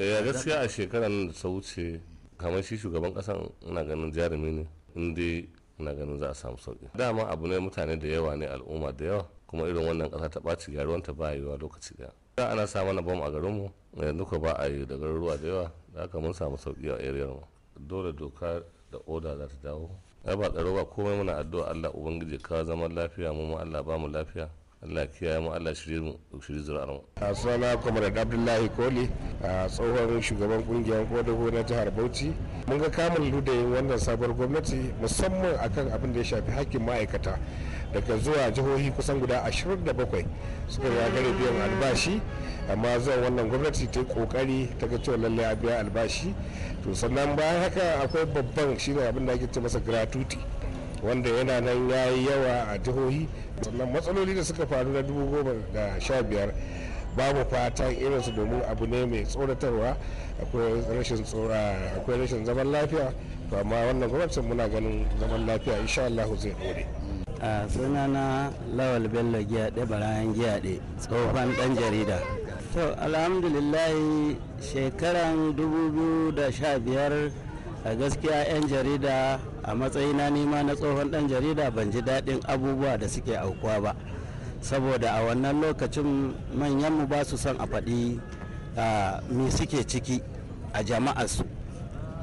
ya eh, gaskiya a shekarar nan da ta wuce kamar shi shugaban kasan ina ganin jarumi ne inda ina ganin za a samu sauki dama abu ne mutane da yawa ne al'umma da yawa kuma irin wannan kasa ta ɓaci ta ba yiwuwa lokaci daya da ana sa mana bom a garinmu yanzu ko ba a yi da garuruwa da yawa da haka mun samu sauki a area mu dole doka da oda za ta dawo ai ba tsaro ba komai muna addu'a Allah ubangiji ka zaman lafiya mu ma Allah ba mu lafiya Allah kiyaye mu Allah shirye mu shirye zuri'ar mu assalamu alaikum Abdullahi Koli a tsohon shugaban kungiyar kwadago na jihar bauchi mun ga kamun ludayin wannan sabuwar gwamnati musamman akan abin da ya shafi hakkin ma'aikata daga zuwa jihohi kusan guda 27 suka gagare biyan albashi amma zuwa wannan gwamnati ta yi kokari ta ga cewa lallai a biya albashi to sannan bayan haka akwai babban shine abin da ake ce masa gratuity wanda yana nan ya yi yawa a jihohi sannan matsaloli da suka faru na 2015 babu fatan irinsu domin abu ne mai tsoratarwa akwai rashin zaman lafiya to amma wannan gwamnatin muna ganin zaman lafiya insha Allah zai dore a sunana lawal bello giyaɗe barayan giyaɗe tsohon ɗan jarida to alhamdulillah shekaran 2015 a gaskiya 'yan jarida a matsayina nima na tsohon ɗan jarida ban ji daɗin abubuwa da suke aukuwa ba saboda a wannan lokacin manyanmu ba su son a faɗi me suke ciki a jama'arsu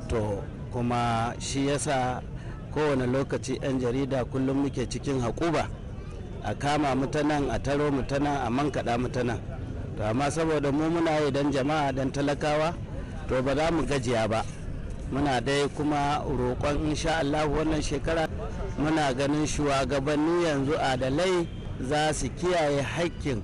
to kuma shi yasa kowane lokaci 'yan jarida kullum muke cikin haƙuba a kama mutanen a taro mutanen a mankaɗa mutanen to amma saboda mu muna yi don jama'a don talakawa to ba za mu gajiya ba muna dai kuma roƙon insha Allah wannan shekara muna ganin shugabanni yanzu a adalai za su kiyaye haƙƙin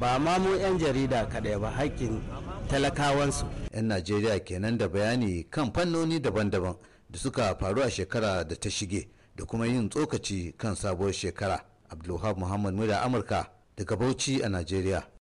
ba ma mu 'yan jarida kaɗai ba haƙƙin talakawansu. 'yan najeriya kenan da bayani kan fannoni daban-daban da suka faru a shekara da ta shige da kuma yin tsokaci kan sabuwar shekara abdulhab muhammad murya amurka daga bauchi a najeriya